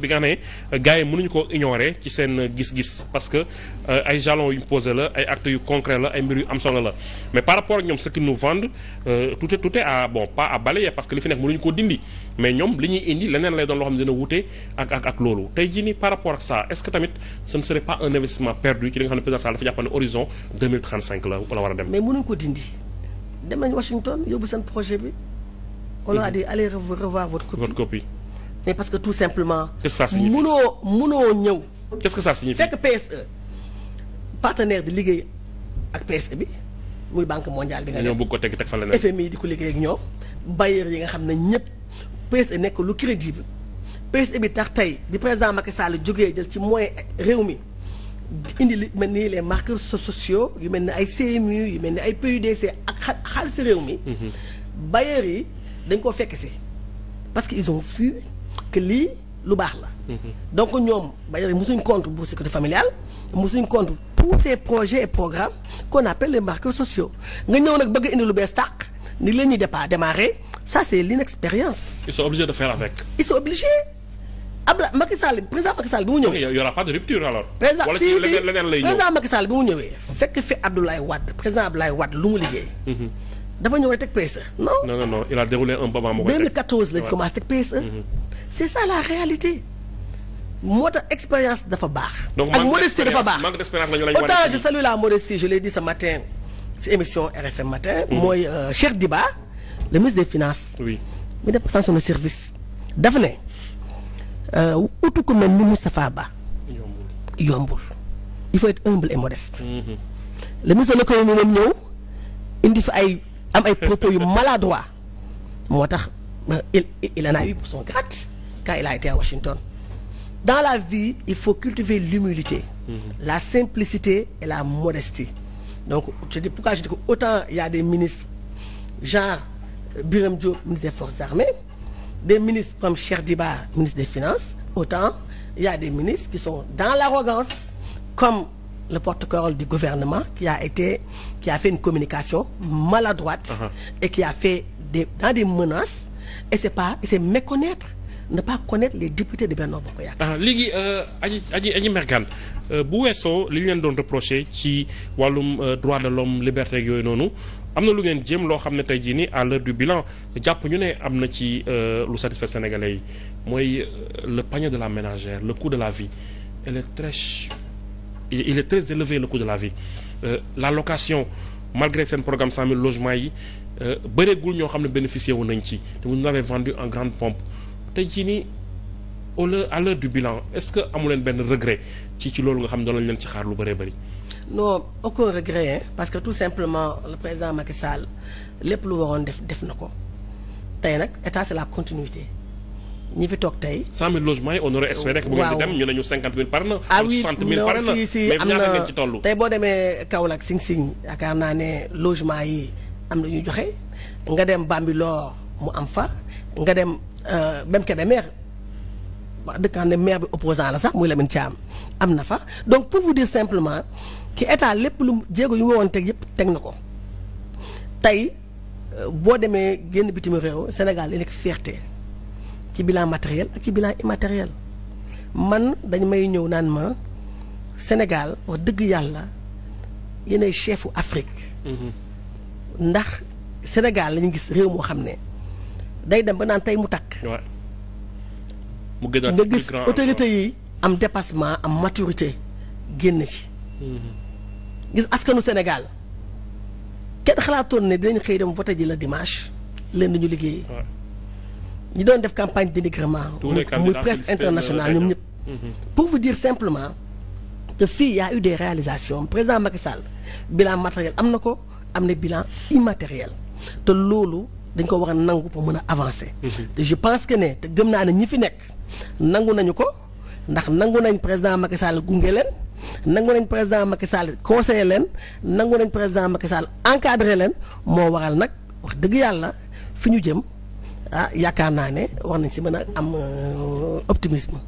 bi nga xam ne gars yi ko ignorer ci seen gis-gis parce que euh, ay jalons yu posé la ay actes yu concret la ay mbir yu am solo la mais par rapport ak ñoom ce qu'ils nous vendent euh, tout est tout bon pas à balayer parce que li fi nekk mënuñu ko dindi mais ñoom li ñuy indi leneen lay doon loo xam ne dina wute ak ak ak loolu tey jii nii par rapport ak ça est tamit ce ne pas un investissement perdu ci li xam ne président Sall dafa jàpp horizon la la war mais parce que tout simplement. munoo munoo ñëw. qu'est-ce que ça signifie fekk PSE partenaire di liggéey ak PSE bi muy banque mondiale bi nga. ñoom bëgg ko teg teg fa la nekk FMI di ko liggéey ak ñoom bailleur yi nga xam ne ñëpp PSE nekk lu crédible PSE bi tax tey bi président Macky Sall jógee jël ci moyen réew mi indi li mel ni les marqueurs sociaux yu mel ni ay CMU yu mel ni ay PUDC ak xaalis réew mi. Mhm. bailleurs yi dañ koo fekk si parce que ils ont fui. que lii lu baax la. Mhm. donc ñoom ba yore mosuñ compte bu sécurité familiale mosuñ compte tous ces projets et programmes qu'on appelle les marqueurs sociaux nga ñëw nag bëgg indi lu bees tàq ni leen ñuy départ démarrer ça c'est l'inexpérience. ils sont obligés de faire avec. ils sont obligés. Abla Macky Sall président Macky il y aura pas de rupture bi mu ñëwee. fekk fi Abdoulaye Wade président Abdoulaye Wade lu mu ah. liggéey. Mhm. dafa ñëw teg PSE. non non non il a déroulé un moment. 2014 lañ commencé teg PSE. Mhm. c'est ça la réalité moo tax expérience dafa baax. ak modestie dafa baax manque d'expérience lañu je salue modestie je l'ai dit ce matin si émission RFM matin. Mhm. mooy euh, cher Diba le ministre des finances. oui def passation de service. dafa ne euh, utu ko mel ni Moustapha Ba. yombul il faut être humble et modeste. Mhm. le ministre de l'économie moom ñëw indi fa ay am ay propos yu maladroits moo tax euh, il il a eu pour son grade. la il été à Washington. Dans la vie, il faut cultiver l'humilité, mhm. la simplicité et la modestie. Donc, je dis pourquoi je dis que autant il y a des ministres, genre euh, Birem Diop, ministre des Forces armées, des ministres comme Cher Diba, ministre des Finances, autant il y a des ministres qui sont dans l'arrogance, comme le porte-parole du gouvernement qui a été, qui a fait une communication maladroite uh-huh. et qui a fait dans des menaces, et c'est pas, c'est méconnaître ne pas connaître les députés de Benno Bokk Yaakaar. Ah, léegi euh, aji aji aji Mergane euh, bu weesoo li leen doon reproché ci wàllum euh, droit de l'homme liberté ak yooyu noonu am na lu ngeen jéem loo xam ne tey jii nii à l'heure du bilan jàpp ñu ne am na ci lu satisfaire sénégalais yi mooy le panier de la ménagère le coût de la vie elle est très il est très élevé le coût de la vie la location malgré seen programme 100 000 logements yi bëreegul ñoo xam ne bénéficié wu nañ ci te vous nous l'avez en grande pompe. tey jii nii au à l'heure du bilan est-ce que amu leen benn regret ci ci loolu nga xam ne doon leen ci xaar lu bëree bëri. non aucun regret parce que tout simplement le président Macky Sall lépp lu waroon def def na ko tey nag état c'est la continuité. ñi fi toog tey. 100000 logements yi on aurait espéré que bu ngeen di dem ñu ne ñu 50000 par na. ah oui non si na tey boo demee Kaolack Sing Sing yaakaar naa ne logement yi am na ñu joxe nga dem Bambilor mu am fa nga dem. Euh, même Kébémer wax dëkkaan ne maire bi opposant la sax muy Lamine Thiam am am na fa donc pour vous dire simplement que état lépp lu jéego yu mu woon teg yëpp teg na ko tey euh, boo demee génn bitim réew Sénégal li nekk fierté ci bilan matériel ak ci bilan immatériel man dañ may ñëw naan ma Sénégal wax dëgg yàlla yéenay chefu Afrique mm-hmm. ndax Sénégal lañu gis réew moo xam ne day dem ba naan tey mu takk. mu gën nga gis autorité yi am dépassement am maturité génn ci. Mm-hmm. gis askanu Sénégal kenn xalaatoon ne dinañ xëy dem voté ji la dimanche leen dañu liggéey ñi doon def campagne dénigrement muy presse internationale ñoom ñëpp mm-hmm. pour vous simplement que fii y a eu des réalisations président Macky Sall bilan matériel am na ko am na bilan immatériel te loolu dañ ko wax nangu pour mën a avancer. Mhm. te je pense que ne te gëm naa ne ñi fi nekk nangu nañu ko ndax nangu nañ président Macky Sall gunge leen nangu nañ président Macky Sall conseiller leen nangu nañ président Macky Sall encadré leen moo waxal nag wax dëgg yàlla fi ñu jëm ah yaakaar naa ne war nañ si mën a am euh, optimisme.